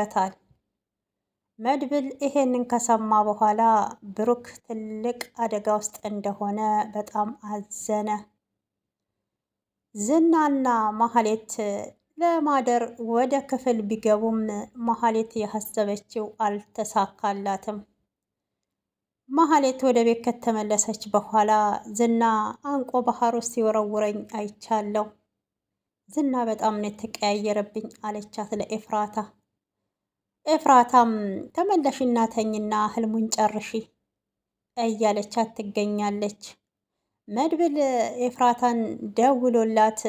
ይመለከታል። መድብል ይሄንን ከሰማ በኋላ ብሩክ ትልቅ አደጋ ውስጥ እንደሆነ በጣም አዘነ። ዝናና ማህሌት ለማደር ወደ ክፍል ቢገቡም ማህሌት ያሰበችው አልተሳካላትም። ማህሌት ወደ ቤት ከተመለሰች በኋላ ዝና አንቆ ባህር ውስጥ ሲወረውረኝ አይቻለሁ፣ ዝና በጣም ነው የተቀያየረብኝ አለቻት ለኤፍራታ ኤፍራታም ተመለሽ እናተኝና ህልሙን ጨርሺ እያለቻት ትገኛለች። መድብል ኤፍራታን ደውሎላት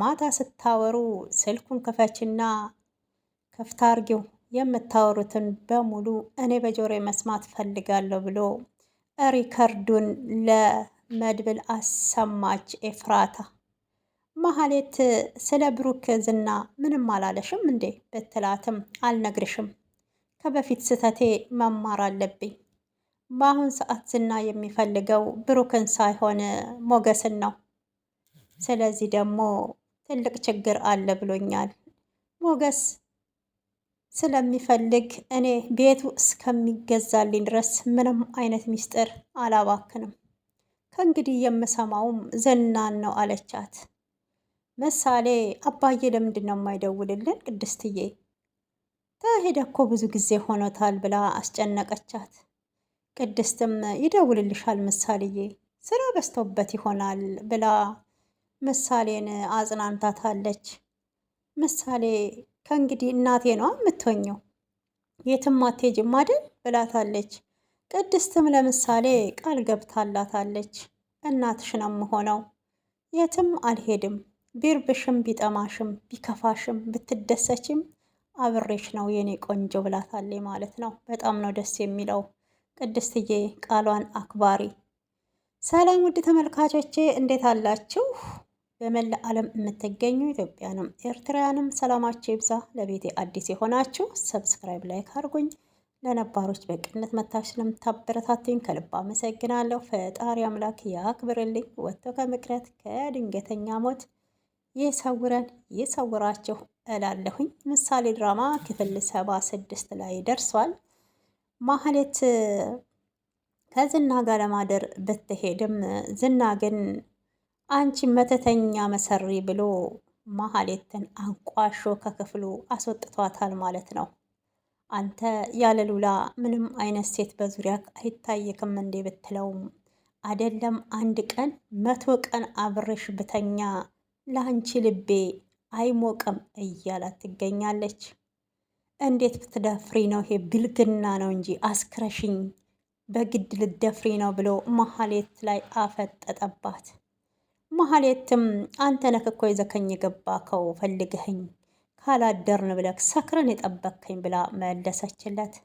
ማታ ስታወሩ ስልኩን ክፈችና ክፍት አርጊው የምታወሩትን በሙሉ እኔ በጆሮ መስማት ፈልጋለሁ ብሎ ሪከርዱን ለመድብል አሰማች ኤፍራታ። ማህሌት ስለ ብሩክ ዝና ምንም አላለሽም እንዴ ብትላትም አልነግርሽም፣ ከበፊት ስህተቴ መማር አለብኝ። በአሁን ሰዓት ዝና የሚፈልገው ብሩክን ሳይሆን ሞገስን ነው። ስለዚህ ደግሞ ትልቅ ችግር አለ ብሎኛል። ሞገስ ስለሚፈልግ እኔ ቤቱ እስከሚገዛልኝ ድረስ ምንም አይነት ምስጢር አላባክንም። ከእንግዲህ የምሰማውም ዝናን ነው አለቻት። ምሳሌ አባዬ ለምንድን ነው የማይደውልልን? ቅድስትዬ ተሄደ እኮ ብዙ ጊዜ ሆኖታል ብላ አስጨነቀቻት። ቅድስትም ይደውልልሻል ምሳሌዬ፣ ስራ በዝቶበት ይሆናል ብላ ምሳሌን አጽናንታታለች። ምሳሌ ከእንግዲህ እናቴ ነው የምትሆኘው የትም አትሄጂም አይደል ብላታለች። ቅድስትም ለምሳሌ ቃል ገብታላታለች። እናትሽ ነው የምሆነው የትም አልሄድም ቢርብሽም ቢጠማሽም ቢከፋሽም ብትደሰችም አብሬሽ ነው የኔ ቆንጆ ብላታለች ማለት ነው። በጣም ነው ደስ የሚለው ቅድስትዬ ቃሏን አክባሪ። ሰላም ውድ ተመልካቾቼ እንዴት አላችሁ? በመላ ዓለም የምትገኙ ኢትዮጵያንም ኤርትራውያንም ሰላማችሁ ይብዛ። ለቤቴ አዲስ የሆናችሁ ሰብስክራይብ፣ ላይክ አድርጉኝ። ለነባሮች በቅነት መታች ስለምታበረታትኝ ከልብ አመሰግናለሁ። ፈጣሪ አምላክ ያክብርልኝ። ወጥቶ ከምክረት ከድንገተኛ ሞት ይሰውረን ይሰውራችሁ እላለሁኝ። ምሳሌ ድራማ ክፍል ሰባ ስድስት ላይ ደርሷል። ማህሌት ከዝና ጋር ለማደር ብትሄድም ዝና ግን አንቺ መተተኛ መሰሪ ብሎ ማህሌትን አንቋሾ ከክፍሉ አስወጥቷታል ማለት ነው። አንተ ያለ ሉላ ምንም አይነት ሴት በዙሪያ አይታየክም እንዴ ብትለውም አይደለም አንድ ቀን መቶ ቀን አብሬሽ ብተኛ ለአንቺ ልቤ አይሞቅም እያላት ትገኛለች። እንዴት ብትደፍሪ ነው? ይሄ ብልግና ነው እንጂ አስክረሽኝ በግድ ልደፍሪ ነው ብሎ መሀሌት ላይ አፈጠጠባት። መሀሌትም አንተ ነህ እኮ ይዘከኝ የገባከው ፈልግህኝ ካላደርን ብለክ ሰክረን የጠበከኝ ብላ መለሰችለት።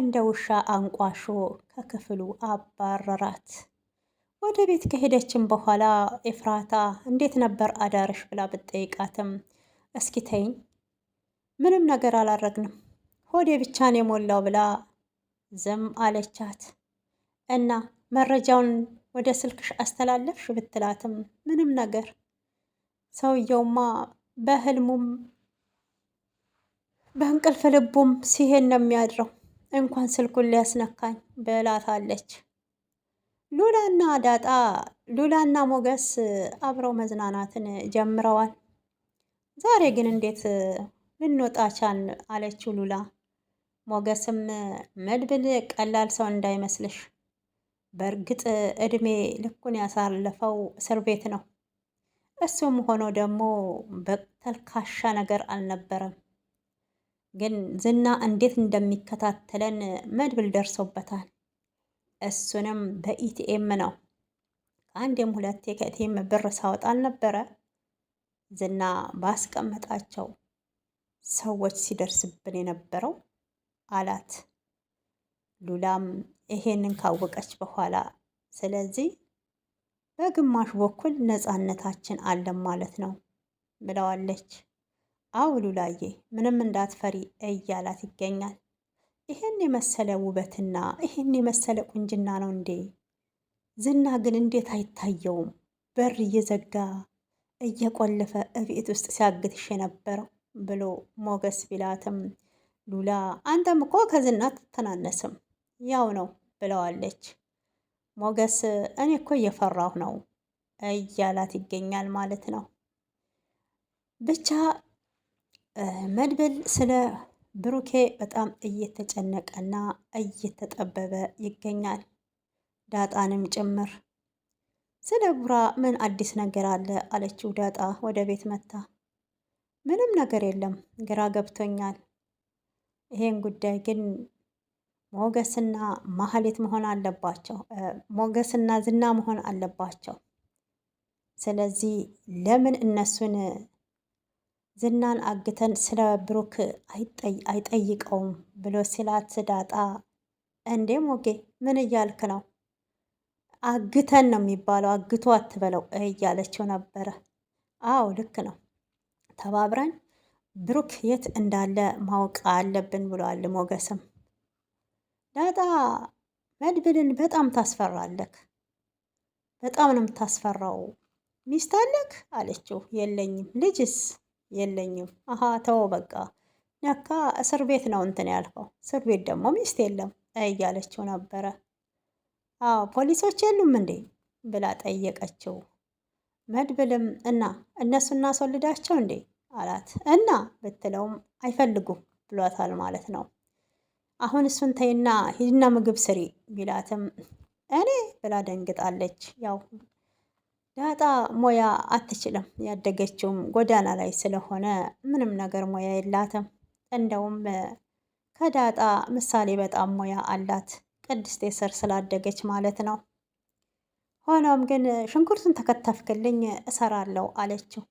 እንደ ውሻ አንቋሾ ከክፍሉ አባረራት። ወደ ቤት ከሄደችም በኋላ ኤፍራታ እንዴት ነበር አዳርሽ ብላ ብትጠይቃትም እስኪ ተይኝ፣ ምንም ነገር አላረግንም፣ ሆዴ ብቻን የሞላው ብላ ዝም አለቻት። እና መረጃውን ወደ ስልክሽ አስተላለፍሽ ብትላትም ምንም ነገር ሰውየውማ በህልሙም በእንቅልፍ ልቡም ሲሄድ ነው የሚያድረው፣ እንኳን ስልኩን ሊያስነካኝ ብላታለች። ሉላና ዳጣ ሉላና ሞገስ አብረው መዝናናትን ጀምረዋል። ዛሬ ግን እንዴት ልንወጣ ቻልን? አለችው ሉላ። ሞገስም መድብል ቀላል ሰው እንዳይመስልሽ፣ በእርግጥ እድሜ ልኩን ያሳለፈው እስር ቤት ነው። እሱም ሆኖ ደግሞ በተልካሻ ነገር አልነበረም። ግን ዝና እንዴት እንደሚከታተለን መድብል ደርሶበታል። እሱንም በኢቲኤም ነው። ከአንድም ሁለቴ ከኢቲኤም ብር ሳወጣ አልነበረ ዝና ባስቀመጣቸው ሰዎች ሲደርስብን የነበረው አላት። ሉላም ይሄንን ካወቀች በኋላ ስለዚህ በግማሽ በኩል ነፃነታችን አለን ማለት ነው ብለዋለች። አው ሉላዬ ምንም እንዳትፈሪ እያላት ይገኛል። ይህን የመሰለ ውበትና ይህን የመሰለ ቁንጅና ነው እንዴ? ዝና ግን እንዴት አይታየውም? በር እየዘጋ እየቆለፈ እቤት ውስጥ ሲያግትሽ የነበረው ብሎ ሞገስ ቢላትም ሉላ አንተም እኮ ከዝና ትተናነስም ያው ነው ብለዋለች። ሞገስ እኔ እኮ እየፈራሁ ነው እያላት ይገኛል ማለት ነው። ብቻ መድብል ስለ ብሩኬ በጣም እየተጨነቀና እየተጠበበ ይገኛል። ዳጣንም ጭምር ስለ ቡራ ምን አዲስ ነገር አለ አለችው። ዳጣ ወደ ቤት መታ ምንም ነገር የለም፣ ግራ ገብቶኛል። ይሄን ጉዳይ ግን ሞገስና ማህሌት መሆን አለባቸው፣ ሞገስና ዝና መሆን አለባቸው። ስለዚህ ለምን እነሱን ዝናን አግተን ስለ ብሩክ አይጠይቀውም ብሎ ሲላት ዳጣ እንዴ ሞጌ ምን እያልክ ነው? አግተን ነው የሚባለው አግቶ አትበለው እያለችው ነበረ። አዎ ልክ ነው፣ ተባብረን ብሩክ የት እንዳለ ማወቅ አለብን ብለዋል ሞገስም። ዳጣ መድብልን በጣም ታስፈራለክ፣ በጣም ነው የምታስፈራው። ሚስት አለክ አለችው። የለኝም። ልጅስ የለኝም። አሀ ተው በቃ ነካ እስር ቤት ነው እንትን ያልከው፣ እስር ቤት ደግሞ ሚስት የለም እያለችው ነበረ። አዎ ፖሊሶች የሉም እንዴ ብላ ጠየቀችው። መድብልም እና እነሱ እናስወልዳቸው እንዴ አላት። እና ብትለውም አይፈልጉም ብሏታል ማለት ነው። አሁን እሱን ተይና ሂድና ምግብ ስሪ ቢላትም እኔ ብላ ደንግጣለች ያው ዳጣ ሙያ አትችልም። ያደገችውም ጎዳና ላይ ስለሆነ ምንም ነገር ሙያ የላትም። እንደውም ከዳጣ ምሳሌ በጣም ሙያ አላት፣ ቅድስት ስር ስላደገች ማለት ነው። ሆኖም ግን ሽንኩርቱን ተከተፍክልኝ እሰራለሁ አለችው።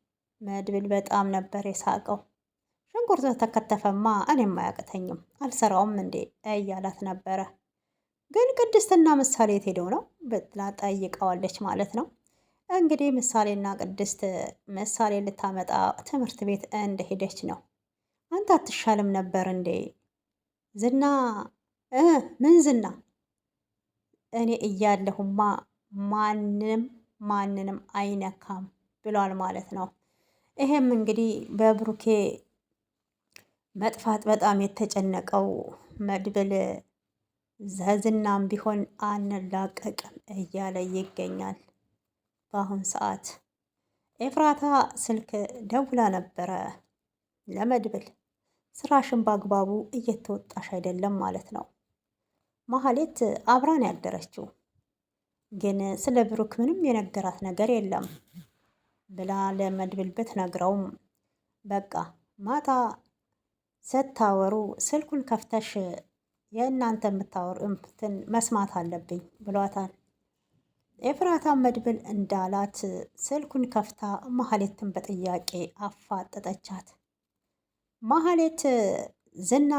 መድብል በጣም ነበር የሳቀው። ሽንኩርቱ ተከተፈማ እኔም አያቅተኝም አልሰራውም እንዴ እያላት ነበረ። ግን ቅድስትና ምሳሌ የት ሄደው ነው ብላ ጠይቀዋለች ማለት ነው። እንግዲህ ምሳሌና ቅድስት ምሳሌ ልታመጣ ትምህርት ቤት እንደሄደች ነው። አንተ አትሻልም ነበር እንዴ? ዝና ምን ዝና? እኔ እያለሁማ ማንም ማንንም አይነካም ብሏል ማለት ነው። ይሄም እንግዲህ በብሩኬ መጥፋት በጣም የተጨነቀው መድብል ዘዝናም ቢሆን አንላቀቅም እያለ ይገኛል። በአሁን ሰዓት ኤፍራታ ስልክ ደውላ ነበረ ለመድብል ስራሽን በአግባቡ እየተወጣሽ አይደለም ማለት ነው። መሀሌት አብራን ያደረችው ግን ስለ ብሩክ ምንም የነገራት ነገር የለም ብላ ለመድብል ብትነግረውም በቃ ማታ ስታወሩ ስልኩን ከፍተሽ የእናንተ የምታወሩ እንትን መስማት አለብኝ ብሏታል። ኤፍራታ መድብል እንዳላት ስልኩን ከፍታ ማህሌትን በጥያቄ አፋጠጠቻት። ማህሌት ዝና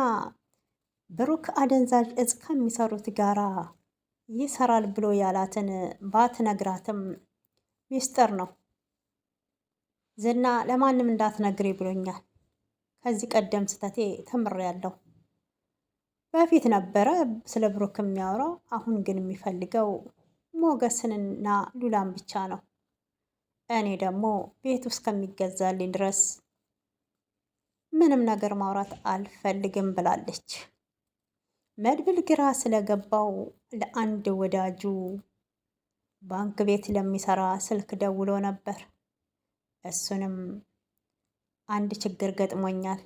ብሩክ አደንዛዥ እጽ ከሚሰሩት ጋራ ይሰራል ብሎ ያላትን ባትነግራትም ሚስጥር ነው። ዝና ለማንም እንዳትነግሬ ብሎኛል። ከዚህ ቀደም ስተቴ ተምሬያለሁ። በፊት ነበረ ስለ ብሩክ የሚያወራው፣ አሁን ግን የሚፈልገው ሞገስንና ሉላን ብቻ ነው። እኔ ደግሞ ቤት ውስጥ ከሚገዛልኝ ድረስ ምንም ነገር ማውራት አልፈልግም ብላለች። መድብል ግራ ስለገባው ለአንድ ወዳጁ ባንክ ቤት ለሚሰራ ስልክ ደውሎ ነበር። እሱንም አንድ ችግር ገጥሞኛል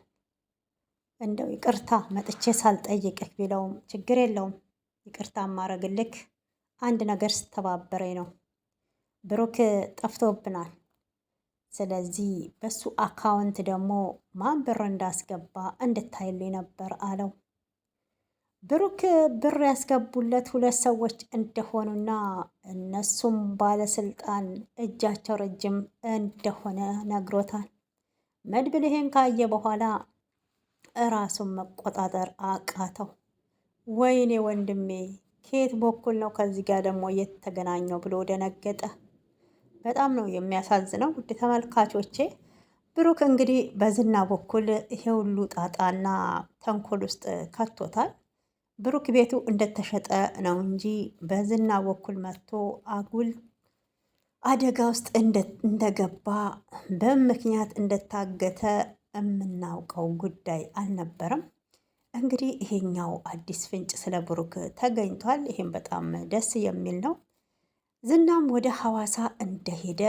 እንደው ይቅርታ መጥቼ ሳልጠይቅህ ቢለውም ችግር የለውም ይቅርታ ማረግልክ አንድ ነገር ስተባበረኝ ነው። ብሩክ ጠፍቶብናል። ስለዚህ በሱ አካውንት ደግሞ ማን ብር እንዳስገባ እንድታይልኝ ነበር አለው። ብሩክ ብር ያስገቡለት ሁለት ሰዎች እንደሆኑና እነሱም ባለስልጣን እጃቸው ረጅም እንደሆነ ነግሮታል። መድብል ይሄን ካየ በኋላ እራሱን መቆጣጠር አቃተው። ወይኔ ወንድሜ ከየት በኩል ነው ከዚህ ጋር ደግሞ የተገናኘው ብሎ ደነገጠ። በጣም ነው የሚያሳዝነው ውድ ተመልካቾቼ። ብሩክ እንግዲህ በዝና በኩል ይሄ ሁሉ ጣጣና ተንኮል ውስጥ ከቶታል። ብሩክ ቤቱ እንደተሸጠ ነው እንጂ በዝና በኩል መጥቶ አጉል አደጋ ውስጥ እንደገባ በምክንያት እንደታገተ የምናውቀው ጉዳይ አልነበረም። እንግዲህ ይሄኛው አዲስ ፍንጭ ስለ ብሩክ ተገኝቷል። ይሄም በጣም ደስ የሚል ነው። ዝናም ወደ ሐዋሳ እንደሄደ